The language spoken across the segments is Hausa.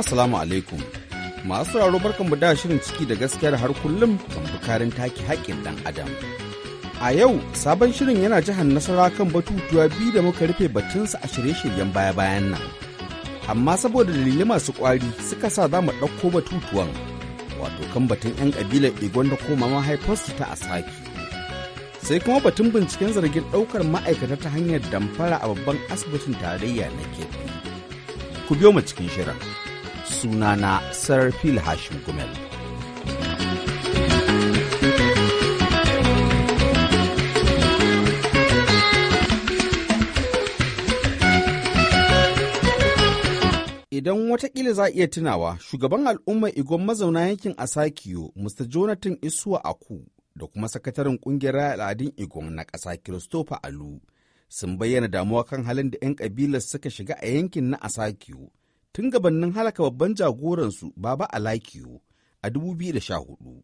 assalamu alaikum. Masu raro barkanmu da shirin ciki da gaskiyar har kullum kan bukarin take haƙƙin ɗan adam. A yau sabon shirin yana jihar nasara kan batutuwa biyu da muka rufe batunsa a shirye-shiryen baya-bayan nan. Amma saboda dalilai masu ƙwari suka sa za mu ɗauko batutuwan wato kan batun 'yan ƙabilar Igon da koma mahaifarsu ta Asaki. Sai kuma batun binciken zargin ɗaukar ma'aikata ta hanyar damfara a babban asibitin tarayya na Kebbi. Ku biyo mu cikin shirin. sunana sarfil hashim gumel idan watakila za a iya tunawa shugaban al'ummar igon mazauna yankin asakiyo mr jonathan isuwa aku da kuma sakataren kungiyar al'adun igon na ƙasa christopher alu sun bayyana damuwa kan halin da 'yan kabilar suka shiga a yankin na asakiyo tun gabanin halaka babban jagoransu Baba Alakiyo a 2014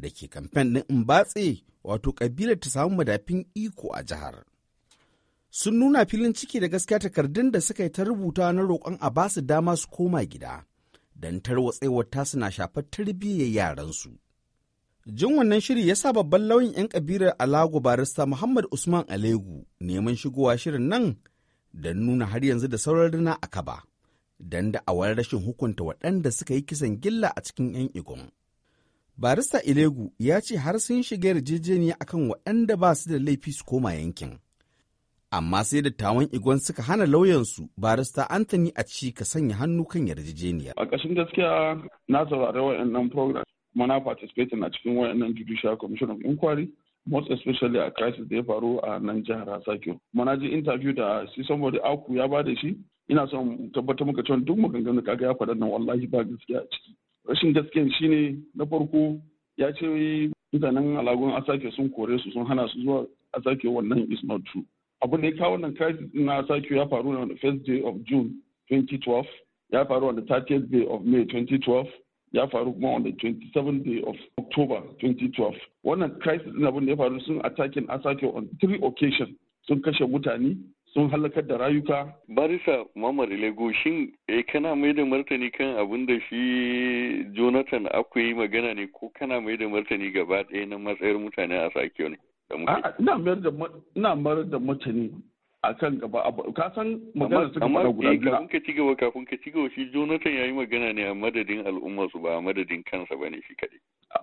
da ke kamfen ɗin batse wato kabilar ta samu madafin iko a jihar. Sun nuna filin ciki da gaskiya takardun da suka yi ta rubuta na roƙon a basu dama su koma gida don tarwatsewar tasu na shafar tarbiyyar yaransu. Jin wannan shiri ya sa babban lauyin 'yan kabilar Alago barista Muhammad Usman Alegu neman shigowa shirin nan da nuna har yanzu da sauran rina a kaba. don da'awar rashin hukunta waɗanda suka yi kisan gilla a cikin 'yan igon. Barista Ilegu ya ce har sun shiga yarjejeniya kan waɗanda ba su da laifi su koma yankin. Amma sai da tawon igon suka hana lauyansu barista Anthony a ci ka sanya hannu kan yarjejeniya. A ƙashin gaskiya na saurari wayannan program kuma na participating a cikin wayannan Judicial Commission of Inquiry most especially a crisis da ya faru a nan jihar Asakio. Kuma na ji interview da si somebody aku ya ba da shi ina son tabbatar maka cewa duk maganganun da kaga ya faɗa nan wallahi ba gaskiya a ciki rashin gaskiyan shine na farko ya ce mutanen alagun asake sun kore su sun hana su zuwa asake wannan is not true abin da ya kawo wannan crisis na asake ya faru on the first day of june 2012 ya faru on the 30th day of may 2012 ya faru kuma on the 27th day of october 2012 wannan crisis din abin da ya faru sun attacking asake on three occasions sun kashe mutane sun halakar da rayuka. Barisa Mamar Lego shin eh kana mai da martani kan abin da shi Jonathan akwai magana ne ko kana mai da martani gaba ɗaya na matsayar mutane a Sakiyo ne? Ina mayar da mutane martani a kan gaba ka san magana suka fara guda eh, biyu. Amma ka ci gaba kafin ka ci gaba shi Jonathan ya yi magana ne a madadin al'ummar su ba a madadin kansa ba ne shi kaɗai.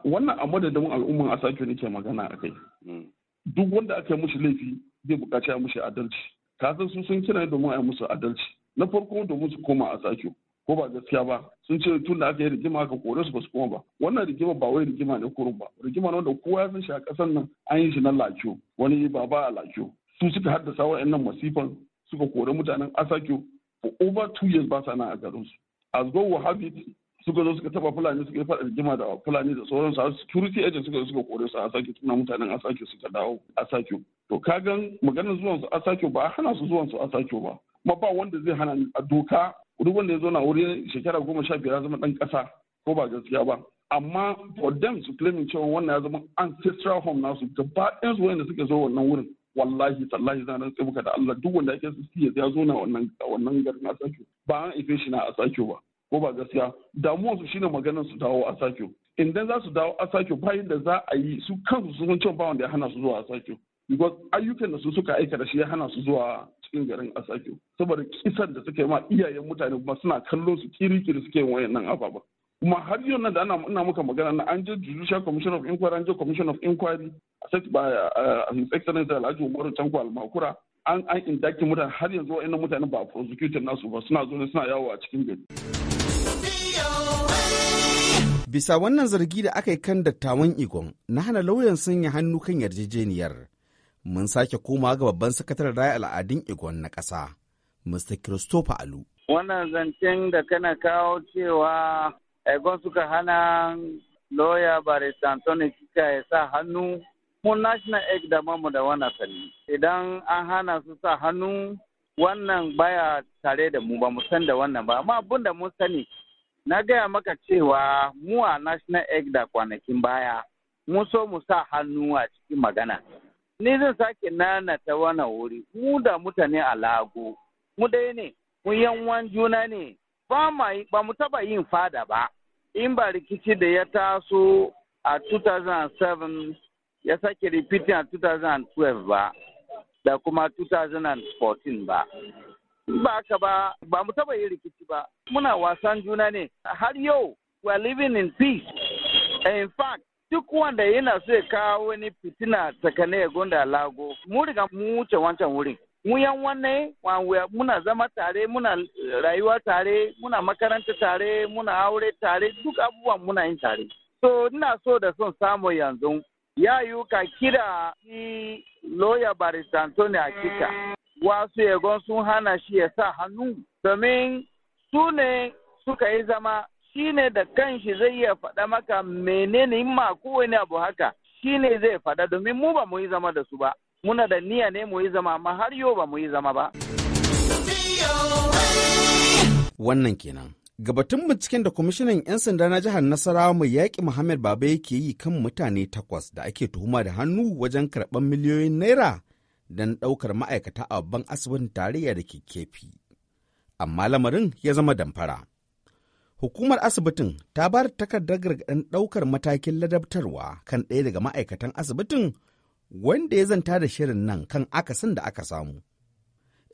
Wannan a madadin al'ummar a Sakiyo nake magana a kai. Hmm. Duk wanda aka yi mushi laifi zai buƙaci a mushi adalci. ka su sun kira domin a yi musu adalci na farko da su koma a sake ko ba gaskiya ba sun ce tun da aka yi rigima aka kore su ba su koma ba wannan rigima ba wai rigima ne kurun ba rigima ne wanda kowa ya san shi a kasan nan an yi shi na lakiyo wani baba a lakiyo su suka haddasa nan masifan suka kore mutanen asakiyo for over two years ba sa nan a garin su as go wahabi suka zo suka taba fulani suka fada jima da fulani da sauran har security agent suka zo suka kore su a sake tuna mutanen a sake suka dawo a sake to kagan maganar zuwan su a sake ba hana su zuwan su a sake ba kuma ba wanda zai hana a doka duk wanda ya zo na wuri shekara goma sha biyar zama dan kasa ko ba gaskiya ba amma for them su claiming cewa wannan ya zama ancestral home nasu gaba ɗayan su wanda suka zo wannan wurin wallahi tallahi zan rantsa muka da Allah duk wanda yake su ya zo na wannan wannan garin a sake ba an ife shi na a sake ba ko ba gaskiya damuwar su shine maganar su dawo a sake idan za su dawo a sake bayan da za a yi su kansu sun san cewa bawan da ya hana su zuwa a sake because ayyukan da su suka aika da shi ya hana su zuwa cikin garin a sake saboda kisan da suka yi ma iyayen mutane kuma suna kallon su kirikiri suke wayannan ababa kuma har yau nan da ana ina muka magana na an je judicial commission of inquiry an je commission of inquiry a set by uh, his excellency Alhaji Umaru Tanko Almakura an an indaki mutane har yanzu wayannan mutane ba prosecutor nasu ba suna zo suna yawo a cikin gari bisa wannan zargi da aka yi kan dattawan igon na hana lauyan sanya hannu kan yarjejeniyar mun sake koma ga babban sakataren raya al'adun igon na ƙasa mr christopher alu wannan zancen da kana kawo cewa igon suka hana lawyer barista antoni kika ya sa hannu mu national egg da mamu da wannan sani idan an hana su sa hannu wannan baya tare da mu ba mu san da wannan ba amma abin da mun sani na gaya maka cewa mu a national egg da kwanakin baya mun so mu sa hannu a cikin magana ni zan sake nanata wannan wuri mu da mutane a lago mu dai ne mu yanwan juna ne ba ba mu taba yin fada ba in ba rikici da ya taso a 2007 ya sake repeating a 2012 ba da kuma 2014 ba ba ka ba ba mu taba yin rikici ba muna wasan juna ne har yau we are living in peace in fact duk wanda yana so ya kawo wani fitina tsakanin ya gonda lago mu riga mu wuce wancan wurin mu yan wanne muna zama tare muna rayuwa tare muna makaranta tare muna aure tare duk abubuwan muna yin tare so ina so da son samu yanzu ya yi ka kira shi loya barista antonio akika wasu yagon sun hana shi ya sa hannu domin su ne suka yi zama shi ne da kanshi zai iya faɗa maka menene ma kowane abu haka shi ne zai faɗa domin mu ba mu yi zama da su ba muna da niyya ne mu yi zama amma har yau ba mu yi zama ba. Wannan kenan. Gabatun binciken da kwamishinan 'yan sanda na jihar Nasarawa mai yaƙi Muhammad Baba yake yi kan mutane takwas da ake tuhuma da hannu wajen karɓar miliyoyin naira don ɗaukar ma'aikata a babban asibitin tarayya da ke kefi. Amma lamarin ya zama damfara. Hukumar asibitin ta ba takardar gargaɗin ɗaukar matakin ladabtarwa kan ɗaya daga ma'aikatan asibitin wanda ya zanta da shirin nan kan akasin da aka samu.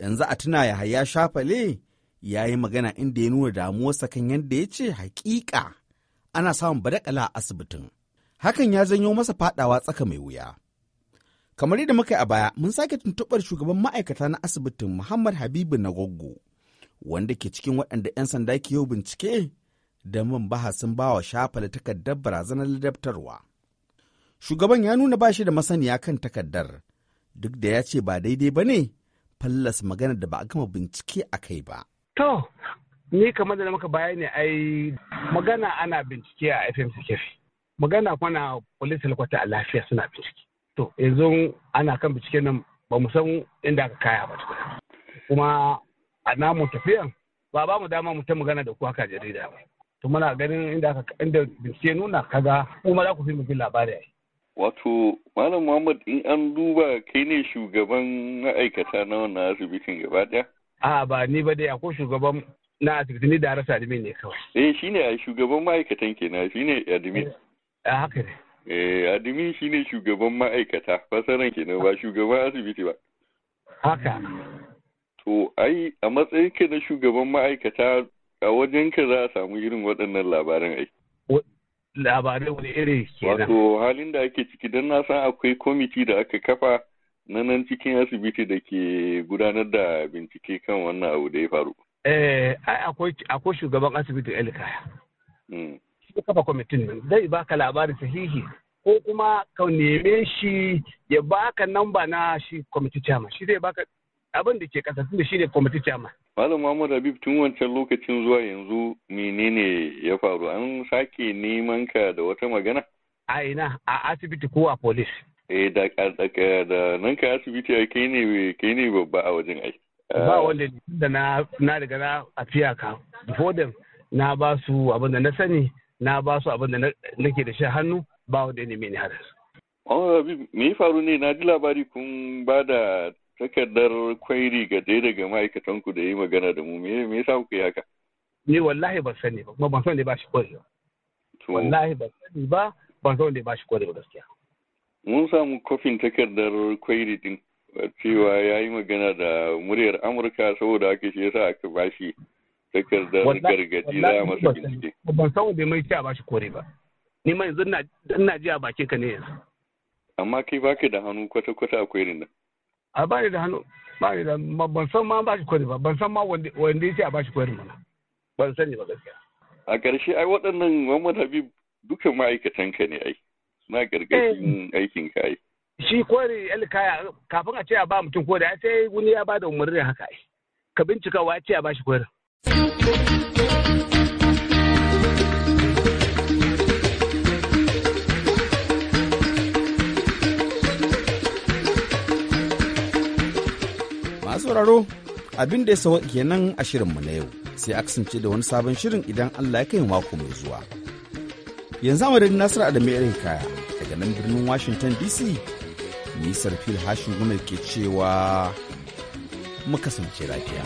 Yanzu a tuna ya haya shafale ya yi magana inda ya nuna damuwarsa kan yadda ya ce hakika ana samun badakala a asibitin. Hakan ya janyo masa faɗawa tsaka mai wuya. Kamar yadda muka yi a baya, mun sake tuntuɓar shugaban ma'aikata na asibitin Muhammad Habibu na Goggo, wanda ke cikin waɗanda 'yan sanda ke yau bincike da man bahasin bawa da takardar barazanar ladabtarwa. Shugaban ya nuna bashi shi da masaniya kan takardar, duk da ya ce ba daidai ba ne fallas magana da ba a gama bincike a kai ba. To, ni kamar da muka bayani ai magana ana bincike a FMC Magana kwana police a lafiya suna bincike. to yanzu ana kan binciken nan ba mu san inda aka kaya ba kuma a namu tafiyan ba ba mu dama mu ta magana da kuwa haka jarida ba to muna ganin inda aka inda bincike nuna kaga kuma za ku fi mu labari ai wato malam muhammad in an duba kai ne shugaban ma'aikata na wannan asibitin gaba daya a ba ni ba dai akwai shugaban na asibiti ni da rasa admin ne kawai eh shine shugaban ma'aikatan kenan shine admin eh, a haka ne Eh, admin shine shugaban ma'aikata, fasaran kenan ba shugaban asibiti ba. Haka. To, ai, a matsayin ka na shugaban ma'aikata a wajen ka za a samu irin waɗannan labaran ai. Labarai wani irin kenan. Wato, halin da ake ciki don na san akwai kwamiti da aka kafa na nan cikin asibiti da ke gudanar da bincike kan wannan abu da ya faru. Eh, akwai shugaban asibiti Elikaya. Hmm. ki kafa kwamitin nan zai baka labarin sahihi ko kuma ka neme shi ya baka namba na shi kwamiti chairman shi zai baka abin da ke kasa tunda shi ne kwamiti chairman Malam Muhammad Habib tun wancan lokacin zuwa yanzu menene ya faru an sake neman ka da wata magana a ina a asibiti ko a police eh da da nan ka asibiti ai kai ne kai ne babba a wajen ai ba ah. wanda da na na riga na afiya ka before them na ba su abin da na sani na ba su abin da nake da shi hannu ba wanda ya mini ni har yanzu. Oh, me ya faru ne na ji labari kun ba da takardar kwairi ga ɗaya daga ku da yi magana da mu me me yasa kuka yi haka? Ni wallahi ban sani ba kuma ban sani ba shi kwarewa. Wallahi ban sani ba ban sani ba shi kwarewa gaskiya. Mun samu kofin takardar kwairi din cewa ya yi magana da muryar Amurka saboda haka shi yasa aka bashi Kakar da gargaji za masa bincike. Ban san wanda mai a bashi kore ba. Ni ma yanzu ina ji a bakin ka ne yanzu. Amma kai baka da hannu kwata-kwata akwai ni nan. A ba ni da hannu. Ba da ban san ma ba shi kore ba. Ban san ma wanda ya ce a bashi kore mana. Ban sani ba gaskiya. A ƙarshe ai waɗannan Muhammad Habib dukan ma'aikatan ka ne ai. Suna gargajin eh. aikin ka ai. Shi kore kaya kafin a ce a ba mutum kore sai wani ya ba da umarnin haka ai. Ka bincika wa ya ce a bashi korin. Masu sauraro abin da ya sawa kenan a shirinmu na yau sai a kasance da wani sabon shirin idan Allah ya kai mako mai zuwa. Yanzu a madadin Nasiru Adamu Irin Kaya daga nan birnin Washington DC, Nisar Fil Hashin ke cewa mu kasance lafiya.